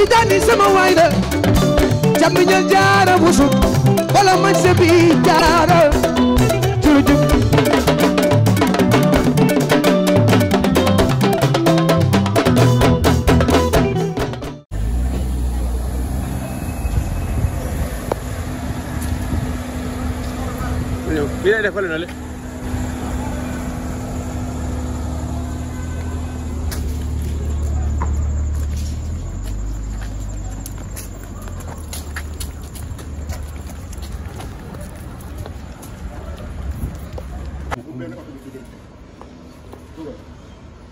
tijaani sama waay la jamiñal jaara busu wala man sebi jaara jurujub Mira, déjale, dale.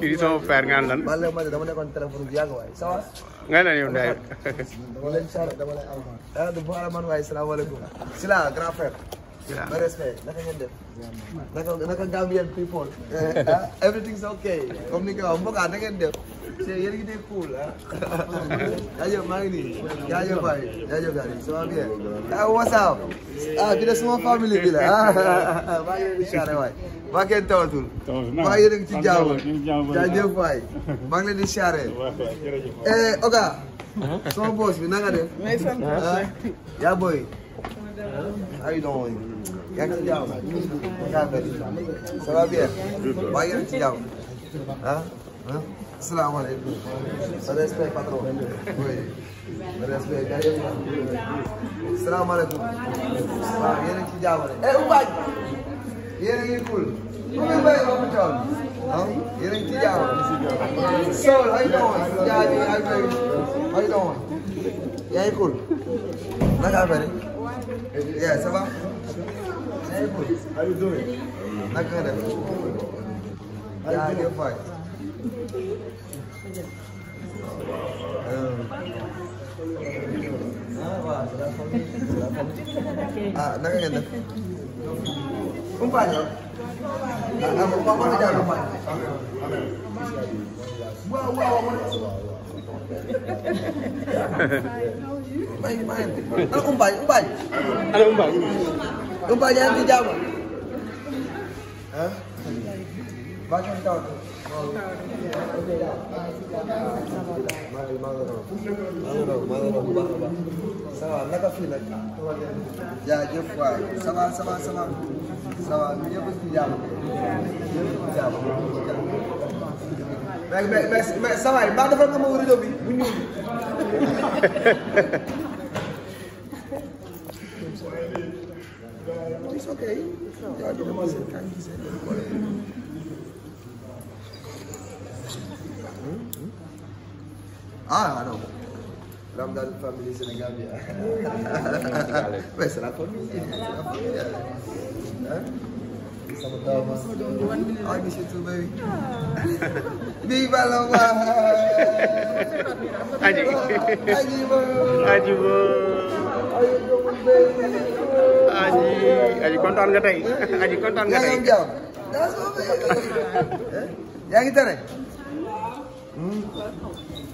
kii sama frère nga lan. man la ma dama nekkoon téléphone bu yàgg waaye ça va. nga ne yow Ndeye. dama lay soxla dama lay aw. dara du boole man waaye salaamaaleykum. Sylla grand frère. Sylla ma respect naka ngeen def. naka naka Gambian people. everything is okay. comme ni nga ko waxee mbokk na ngeen def. c'est yéen a ngi dégg cool ah. jaajëf maa ngi nii jaajëf waay jaajëf daal ça va bien. ah wasaab ah kii de sama famille bi la ah ah maa ngi leen di siyaare waay. maa kenn tawatul. maa ngi leen di ci jaamu jaajëf waay maa ngi leen di siyaare. eh Oga. sama boss bi na nga def. yaa booy. how you doing yaa ngi ci jaamu. ça va bien. maa ngi leen di ci jaamu ah ah. salaamaaleykum. respect patron. oui. respect gars yi. salaamaaleykum. waaw ah, ah, yéen a ngi ci jaamale. eh Oubac. yéen a ngi cool. bu ngeen béyee ba mu toll. ah yéen a ngi ci jaamale. Sow ay doon jaabi ay doon ay doon. yaa ngi cool. naka affaire yi. yaa ça va. yaa ngi cool. naka nga def. yaa ngi fay. ah naka ngeen def. compagnon. ah ah ma ma ma jaay ma bañ. waaw waaw ma. maa ngi maa ngi. ana umpaañ umpaañ. ana umpaañ. umpaañ yaa ngi ci jàmm. ah. waaw naka fii nag jaajëf waay ça va ça va ça va ça va ñëpp si jàmm ñëpp si jàmm mais mais mais ça va mbaa defal nga ma rajo bi bu ñuul bi. it's okay. Ah, non. Ramdan famille Sénégal bi. Ouais, c'est la famille. C'est la famille. Hein? Sama taw ma. Ah, monsieur Toubaï. Vive la voix. Aji. Aji bo. Aji bo. Aji, aji kontaan nga tey. Aji kontaan nga tey. Yaa ngi tere. Hmm.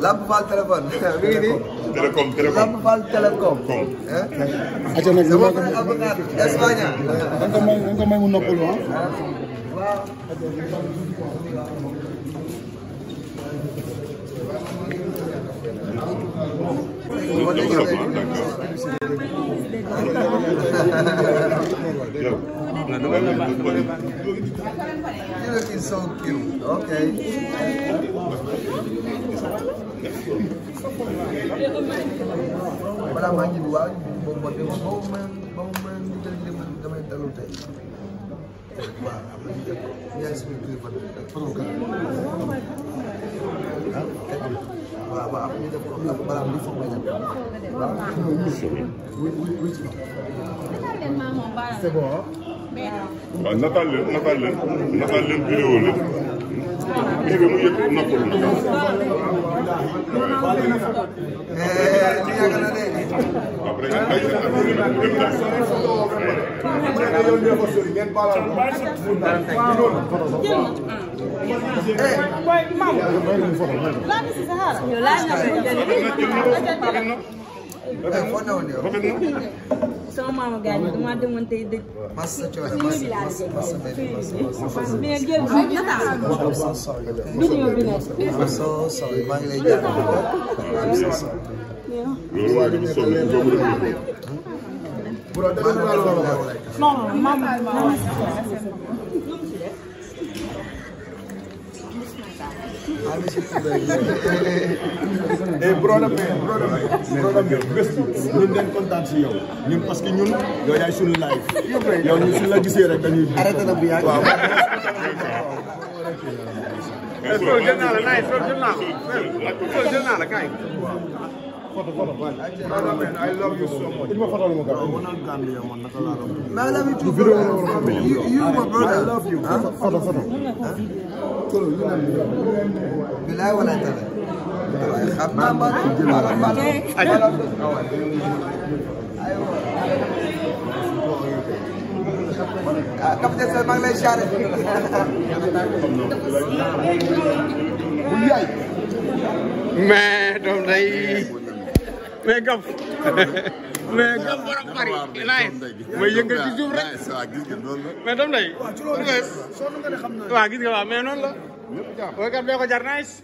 Lamp Fall téléphone. télécom télécom Lamp Fall télécom. Eh? aca nag dama koy avocat Espagne. danga ko may danga ko may mu noppalu ah. waaw. You're looking so cute. Okay. balaa maa ngi waaw boobu moo dem ba mu mën ba mu mën di jël jëmm damay dalu tey waaw am na ñu def ñaari suñu kilifa ak programme ah, waaw waaw am na ñu def programme ah, balaa muy foog la ñu waaw oui oui oui c'est bon. waaw nataal leen nataal leen nataal leen vidéo la bii de mu yëg noppalu na. Hey, Mom. Love is Sahara. You love rafet na sama maama gaañ bi damaa demoon tey dëj. masa coono masa masa masa benn masa masa mais gerte bi nga taal. vidéo bi nag. maa ngi lay jaar. loolu waa ji bu soobee bu soobee mu demee ko. non maam et problème bi problème bi gëstu ñun dañ kontaan si yow ñun parce que ñun yow yaay suñu live yow ñun suñu la gisee rek dañuy arrêté na bu yàgg waaw eh, jël naa la naay jël naa la kaay photo photo I love you so much. Ilma photo mo ka. Wala Gambia man naka la ram. I love you too. Video mo ka. You you my brother. I love you. Photo photo. Kolo yu na mi. Bilay wala tala. Xam naa ma jël la. Ah capitaine Sall maa ngi lay xaare. Bu yaay. Mais doom day mais gaf mais gaf borom Paris nice mooy yëngal ci suuf rek mais dam day waaw gis nga waaw mais noonu la wooykat bee ko jar nice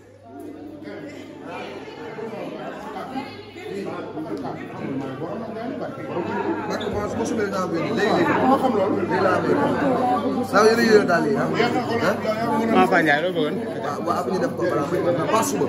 saw yëre yëre daal yi ah. maa fa njaay loo bëggoon waaw ab ñu def ko balaa ba suba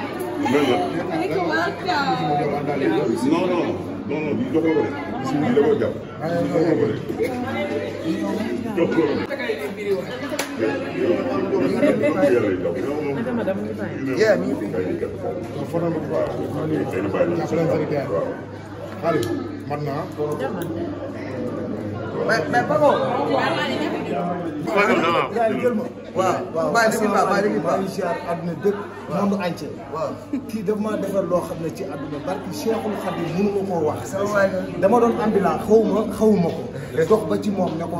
non non non non jox ko si biir da koo jàpp. jox ko ko. jox ko ko. mais mais Paco. waaw waaw bàyyi li ba bàyyi li ba bàyyi ziar àdduna dëkk. waaw monde entier. waaw kii daf maa defar loo xam ne ci àdduna barki Cheikhul Khadim mënu ma koo wax. dama doon ambulant xaw ma xaw ma ko. dox ba ci moom ne ko.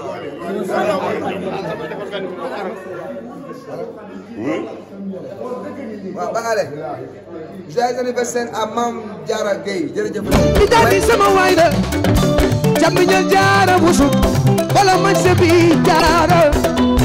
waaw Bakale. joyeux anniversaire à Mame Diarra Gueye jërëjëf. li daal sama jaara wusu. wala ma jaara.